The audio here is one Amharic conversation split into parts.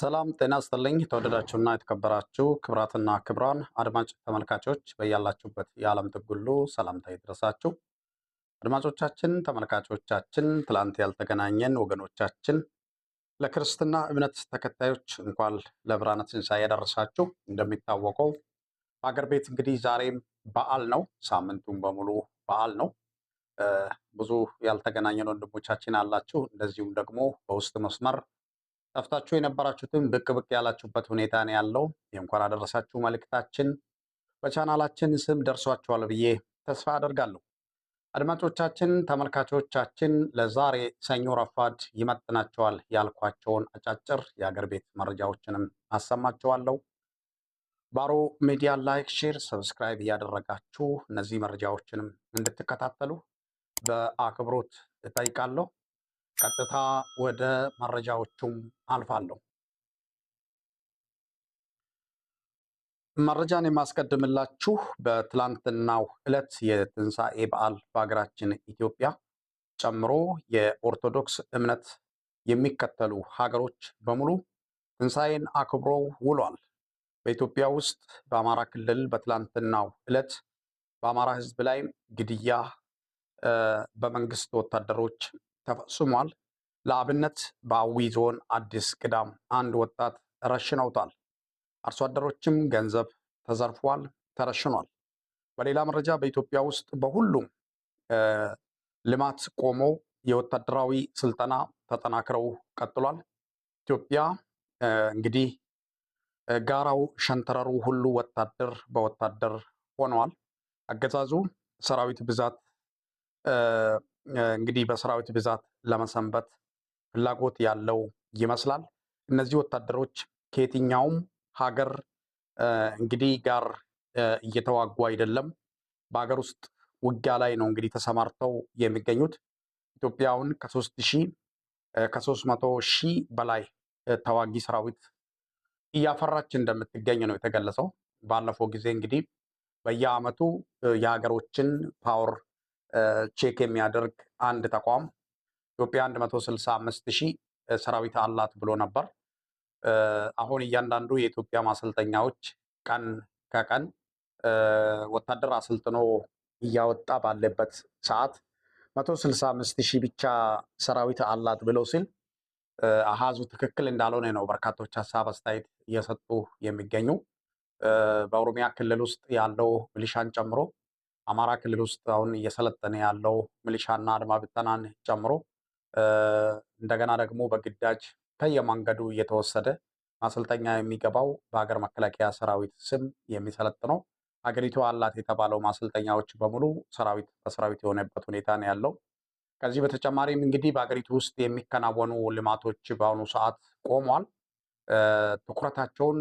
ሰላም ጤና ስጥልኝ። የተወደዳችሁና የተከበራችሁ ክብራትና ክብራን አድማጭ ተመልካቾች በያላችሁበት የዓለም ጥግ ሁሉ ሰላምታ ይድረሳችሁ። አድማጮቻችን፣ ተመልካቾቻችን፣ ትላንት ያልተገናኘን ወገኖቻችን፣ ለክርስትና እምነት ተከታዮች እንኳን ለብርሃነ ትንሣኤ ያደረሳችሁ። እንደሚታወቀው በአገር ቤት እንግዲህ ዛሬም በዓል ነው፣ ሳምንቱን በሙሉ በዓል ነው። ብዙ ያልተገናኘን ወንድሞቻችን አላችሁ። እንደዚሁም ደግሞ በውስጥ መስመር ጠፍታችሁ የነበራችሁትን ብቅ ብቅ ያላችሁበት ሁኔታ ነው ያለው። የእንኳን አደረሳችሁ መልእክታችን በቻናላችን ስም ደርሷችኋል ብዬ ተስፋ አደርጋለሁ። አድማጮቻችን፣ ተመልካቾቻችን ለዛሬ ሰኞ ረፋድ ይመጥናቸዋል ያልኳቸውን አጫጭር የአገር ቤት መረጃዎችንም አሰማችኋለሁ። ባሮ ሚዲያ ላይክ፣ ሼር፣ ሰብስክራይብ እያደረጋችሁ እነዚህ መረጃዎችንም እንድትከታተሉ በአክብሮት እጠይቃለሁ። ቀጥታ ወደ መረጃዎቹም አልፋለሁ። መረጃን የማስቀድምላችሁ በትላንትናው ዕለት የትንሣኤ በዓል በሀገራችን ኢትዮጵያ ጨምሮ የኦርቶዶክስ እምነት የሚከተሉ ሀገሮች በሙሉ ትንሣኤን አክብረው ውሏል። በኢትዮጵያ ውስጥ በአማራ ክልል በትላንትናው ዕለት በአማራ ሕዝብ ላይ ግድያ በመንግስት ወታደሮች ተፈጽሟል። ለአብነት በአዊ ዞን አዲስ ቅዳም አንድ ወጣት ረሽነውታል። አርሶ አደሮችም ገንዘብ ተዘርፏል፣ ተረሽኗል። በሌላ መረጃ በኢትዮጵያ ውስጥ በሁሉም ልማት ቆሞ የወታደራዊ ስልጠና ተጠናክረው ቀጥሏል። ኢትዮጵያ እንግዲህ ጋራው ሸንተረሩ ሁሉ ወታደር በወታደር ሆነዋል። አገዛዙ ሰራዊት ብዛት እንግዲህ በሰራዊት ብዛት ለመሰንበት ፍላጎት ያለው ይመስላል። እነዚህ ወታደሮች ከየትኛውም ሀገር እንግዲህ ጋር እየተዋጉ አይደለም፣ በሀገር ውስጥ ውጊያ ላይ ነው እንግዲህ ተሰማርተው የሚገኙት። ኢትዮጵያውን ከሶስት ሺህ ከሶስት መቶ ሺህ በላይ ተዋጊ ሰራዊት እያፈራች እንደምትገኝ ነው የተገለጸው። ባለፈው ጊዜ እንግዲህ በየአመቱ የሀገሮችን ፓወር ቼክ የሚያደርግ አንድ ተቋም ኢትዮጵያ 165 ሺህ ሰራዊት አላት ብሎ ነበር። አሁን እያንዳንዱ የኢትዮጵያ ማሰልጠኛዎች ቀን ከቀን ወታደር አሰልጥኖ እያወጣ ባለበት ሰዓት 165 ሺህ ብቻ ሰራዊት አላት ብሎ ሲል አሃዙ ትክክል እንዳልሆነ ነው በርካቶች ሀሳብ አስተያየት እየሰጡ የሚገኙ በኦሮሚያ ክልል ውስጥ ያለው ሚሊሻን ጨምሮ አማራ ክልል ውስጥ አሁን እየሰለጠነ ያለው ሚሊሻና አድማ ብተናን ጨምሮ እንደገና ደግሞ በግዳጅ ከየመንገዱ እየተወሰደ ማሰልጠኛ የሚገባው በሀገር መከላከያ ሰራዊት ስም የሚሰለጥነው ሀገሪቱ አላት የተባለው ማሰልጠኛዎች በሙሉ ሰራዊት በሰራዊት የሆነበት ሁኔታ ነው ያለው። ከዚህ በተጨማሪም እንግዲህ በሀገሪቱ ውስጥ የሚከናወኑ ልማቶች በአሁኑ ሰዓት ቆሟል። ትኩረታቸውን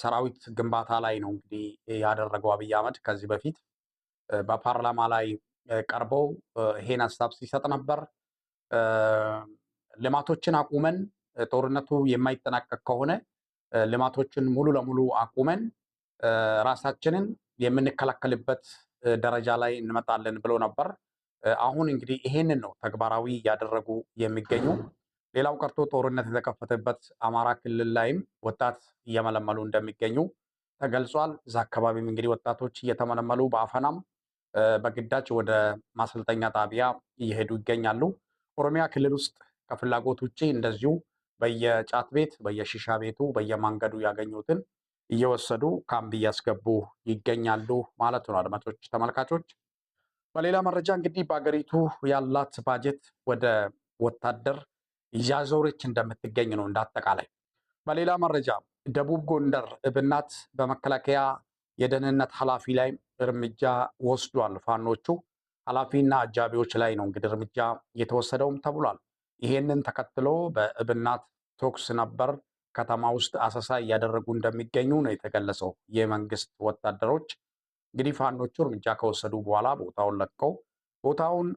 ሰራዊት ግንባታ ላይ ነው እንግዲህ ያደረገው አብይ አህመድ። ከዚህ በፊት በፓርላማ ላይ ቀርበው ይሄን ሀሳብ ሲሰጥ ነበር። ልማቶችን አቁመን ጦርነቱ የማይጠናቀቅ ከሆነ ልማቶችን ሙሉ ለሙሉ አቁመን ራሳችንን የምንከላከልበት ደረጃ ላይ እንመጣለን ብሎ ነበር። አሁን እንግዲህ ይሄንን ነው ተግባራዊ ያደረጉ የሚገኙ ሌላው ቀርቶ ጦርነት የተከፈተበት አማራ ክልል ላይም ወጣት እየመለመሉ እንደሚገኙ ተገልጿል። እዛ አካባቢም እንግዲህ ወጣቶች እየተመለመሉ በአፈናም በግዳጅ ወደ ማሰልጠኛ ጣቢያ እየሄዱ ይገኛሉ። ኦሮሚያ ክልል ውስጥ ከፍላጎት ውጭ እንደዚሁ በየጫት ቤት፣ በየሺሻ ቤቱ፣ በየማንገዱ ያገኙትን እየወሰዱ ካምፕ እያስገቡ ይገኛሉ ማለት ነው። አድማጮች፣ ተመልካቾች በሌላ መረጃ እንግዲህ በሀገሪቱ ያላት ባጀት ወደ ወታደር እያዞረች እንደምትገኝ ነው። እንዳጠቃላይ በሌላ መረጃ ደቡብ ጎንደር እብናት በመከላከያ የደህንነት ኃላፊ ላይ እርምጃ ወስዷል። ፋኖቹ ኃላፊና አጃቢዎች ላይ ነው እንግዲህ እርምጃ የተወሰደውም ተብሏል። ይሄንን ተከትሎ በእብናት ተኩስ ነበር ከተማ ውስጥ አሰሳ እያደረጉ እንደሚገኙ ነው የተገለጸው። የመንግስት ወታደሮች እንግዲህ ፋኖቹ እርምጃ ከወሰዱ በኋላ ቦታውን ለቀው ቦታውን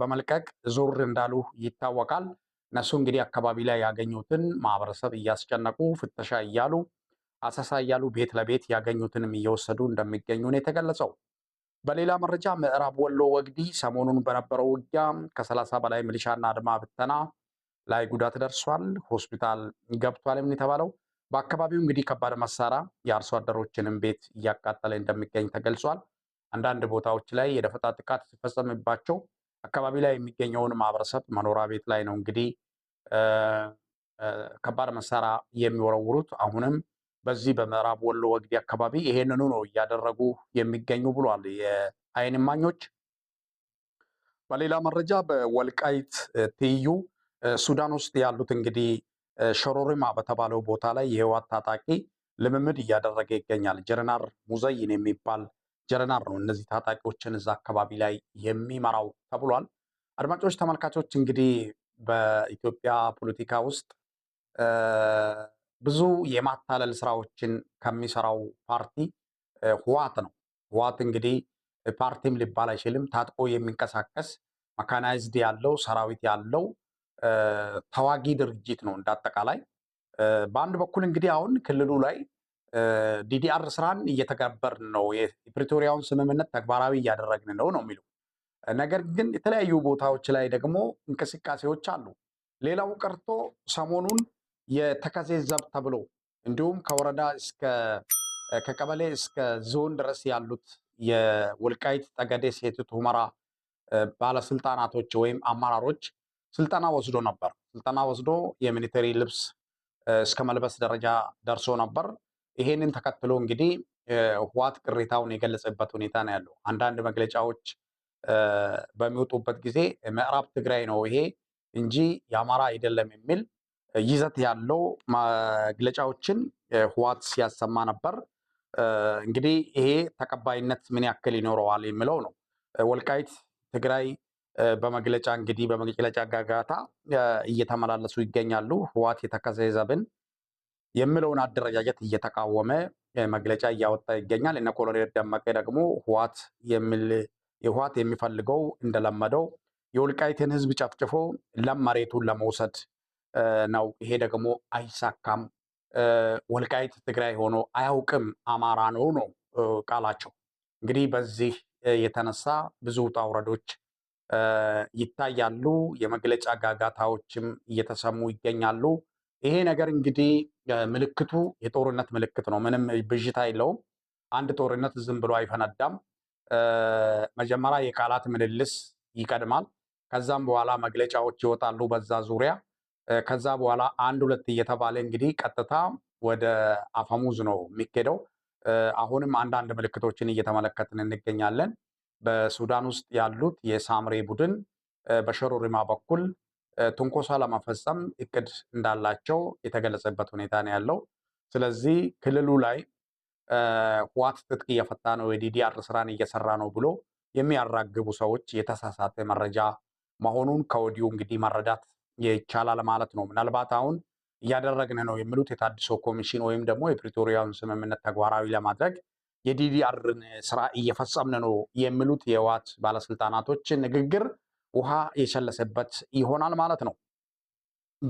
በመልቀቅ ዞር እንዳሉ ይታወቃል። እነሱ እንግዲህ አካባቢ ላይ ያገኙትን ማህበረሰብ እያስጨነቁ ፍተሻ እያሉ አሰሳ እያሉ ቤት ለቤት ያገኙትንም እየወሰዱ እንደሚገኙ ነው የተገለጸው። በሌላ መረጃ ምዕራብ ወሎ ወግዲ ሰሞኑን በነበረው ውጊያ ከሰላሳ በላይ ሚሊሻና አድማ ብተና ላይ ጉዳት ደርሷል። ሆስፒታል ገብቷል የተባለው በአካባቢው እንግዲህ ከባድ መሳሪያ የአርሶ አደሮችንም ቤት እያቃጠለ እንደሚገኝ ተገልጿል። አንዳንድ ቦታዎች ላይ የደፈጣ ጥቃት ሲፈጸምባቸው አካባቢ ላይ የሚገኘውን ማህበረሰብ መኖሪያ ቤት ላይ ነው እንግዲህ ከባድ መሳሪያ የሚወረውሩት አሁንም በዚህ በምዕራብ ወሎ ወግዲ አካባቢ ይሄንኑ ነው እያደረጉ የሚገኙ ብሏል የአይን እማኞች። በሌላ መረጃ በወልቃይት ትይዩ ሱዳን ውስጥ ያሉት እንግዲህ ሸሮሪማ በተባለው ቦታ ላይ የህወሓት ታጣቂ ልምምድ እያደረገ ይገኛል። ጀረናር ሙዘይን የሚባል ጀረናር ነው እነዚህ ታጣቂዎችን እዛ አካባቢ ላይ የሚመራው ተብሏል። አድማጮች ተመልካቾች እንግዲህ በኢትዮጵያ ፖለቲካ ውስጥ ብዙ የማታለል ስራዎችን ከሚሰራው ፓርቲ ህዋት ነው። ህዋት እንግዲህ ፓርቲም ሊባል አይችልም። ታጥቆ የሚንቀሳቀስ መካናይዝድ ያለው ሰራዊት ያለው ተዋጊ ድርጅት ነው። እንዳጠቃላይ በአንድ በኩል እንግዲህ አሁን ክልሉ ላይ ዲዲአር ስራን እየተገበርን ነው፣ የፕሪቶሪያውን ስምምነት ተግባራዊ እያደረግን ነው ነው የሚለው ነገር ግን የተለያዩ ቦታዎች ላይ ደግሞ እንቅስቃሴዎች አሉ። ሌላው ቀርቶ ሰሞኑን የተከዜ ዘብ ተብሎ እንዲሁም ከወረዳ እስከ ከቀበሌ እስከ ዞን ድረስ ያሉት የወልቃይት ጠገዴ ሰቲት ሁመራ ባለስልጣናቶች ወይም አመራሮች ስልጠና ወስዶ ነበር። ስልጠና ወስዶ የሚሊተሪ ልብስ እስከ መልበስ ደረጃ ደርሶ ነበር። ይሄንን ተከትሎ እንግዲህ ህዋት ቅሬታውን የገለጸበት ሁኔታ ነው ያለው። አንዳንድ መግለጫዎች በሚወጡበት ጊዜ ምዕራብ ትግራይ ነው ይሄ እንጂ የአማራ አይደለም የሚል ይዘት ያለው መግለጫዎችን ህዋት ሲያሰማ ነበር። እንግዲህ ይሄ ተቀባይነት ምን ያክል ይኖረዋል የሚለው ነው። ወልቃይት ትግራይ በመግለጫ እንግዲህ በመግለጫ ጋጋታ እየተመላለሱ ይገኛሉ። ህዋት የተከዜ ዘብን የሚለውን አደረጃጀት እየተቃወመ መግለጫ እያወጣ ይገኛል። እነ ኮሎኔል ደመቀ ደግሞ ህዋት የሚል ህወሓት የሚፈልገው እንደለመደው የወልቃይትን ህዝብ ጨፍጭፎ ለም መሬቱን ለመውሰድ ነው። ይሄ ደግሞ አይሳካም። ወልቃይት ትግራይ ሆኖ አያውቅም፣ አማራ ነው ነው ቃላቸው። እንግዲህ በዚህ የተነሳ ብዙ ውጣ ውረዶች ይታያሉ። የመግለጫ ጋጋታዎችም እየተሰሙ ይገኛሉ። ይሄ ነገር እንግዲህ ምልክቱ የጦርነት ምልክት ነው። ምንም ብዥታ የለውም። አንድ ጦርነት ዝም ብሎ አይፈነዳም። መጀመሪያ የቃላት ምልልስ ይቀድማል። ከዛም በኋላ መግለጫዎች ይወጣሉ በዛ ዙሪያ። ከዛ በኋላ አንድ ሁለት እየተባለ እንግዲህ ቀጥታ ወደ አፈሙዝ ነው የሚኬደው። አሁንም አንዳንድ ምልክቶችን እየተመለከትን እንገኛለን። በሱዳን ውስጥ ያሉት የሳምሬ ቡድን በሸሩሪማ በኩል ትንኮሳ ለመፈጸም እቅድ እንዳላቸው የተገለጸበት ሁኔታ ነው ያለው። ስለዚህ ክልሉ ላይ ህዋት ትጥቅ እየፈታ ነው፣ የዲዲአር ስራን እየሰራ ነው ብሎ የሚያራግቡ ሰዎች የተሳሳተ መረጃ መሆኑን ከወዲሁ እንግዲህ መረዳት ይቻላል ማለት ነው። ምናልባት አሁን እያደረግን ነው የሚሉት የታድሶ ኮሚሽን ወይም ደግሞ የፕሪቶሪያውን ስምምነት ተግባራዊ ለማድረግ የዲዲአርን ስራ እየፈጸምን ነው የሚሉት የህዋት ባለስልጣናቶች ንግግር ውሃ የሸለሰበት ይሆናል ማለት ነው።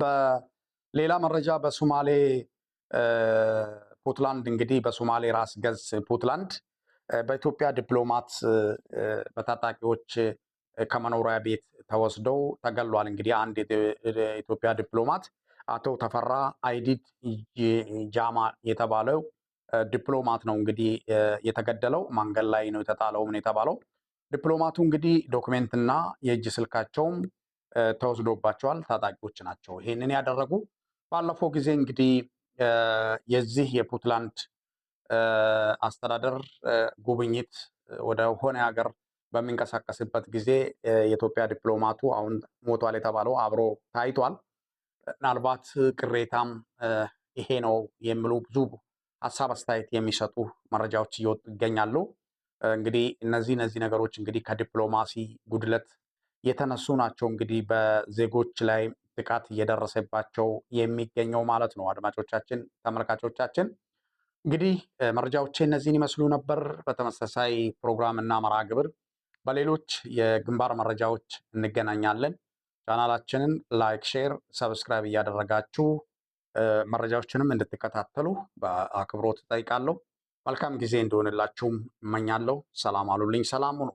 በሌላ መረጃ በሶማሌ ፑትላንድ እንግዲህ በሶማሌ ራስ ገዝ ፑትላንድ በኢትዮጵያ ዲፕሎማት በታጣቂዎች ከመኖሪያ ቤት ተወስደው ተገሏል። እንግዲህ አንድ የኢትዮጵያ ዲፕሎማት አቶ ተፈራ አይዲድ ጃማ የተባለው ዲፕሎማት ነው እንግዲህ የተገደለው። መንገድ ላይ ነው ምን የተባለው ዲፕሎማቱ እንግዲህ ዶክሜንትና የእጅ ስልካቸውም ተወስዶባቸዋል። ታጣቂዎች ናቸው ይህንን ያደረጉ። ባለፈው ጊዜ እንግዲህ የዚህ የፑትላንድ አስተዳደር ጉብኝት ወደ ሆነ ሀገር በሚንቀሳቀስበት ጊዜ የኢትዮጵያ ዲፕሎማቱ አሁን ሞቷል የተባለው አብሮ ታይቷል። ምናልባት ቅሬታም ይሄ ነው የሚሉ ብዙ ሀሳብ አስተያየት የሚሰጡ መረጃዎች እየወጡ ይገኛሉ። እንግዲህ እነዚህ እነዚህ ነገሮች እንግዲህ ከዲፕሎማሲ ጉድለት የተነሱ ናቸው። እንግዲህ በዜጎች ላይ ጥቃት እየደረሰባቸው የሚገኘው ማለት ነው። አድማጮቻችን፣ ተመልካቾቻችን እንግዲህ መረጃዎቼ እነዚህን ይመስሉ ነበር። በተመሳሳይ ፕሮግራም እና መርሃ ግብር በሌሎች የግንባር መረጃዎች እንገናኛለን። ቻናላችንን ላይክ፣ ሼር፣ ሰብስክራይብ እያደረጋችሁ መረጃዎችንም እንድትከታተሉ በአክብሮት እጠይቃለሁ። መልካም ጊዜ እንደሆንላችሁም እመኛለሁ። ሰላም አሉልኝ። ሰላም ሁኑ።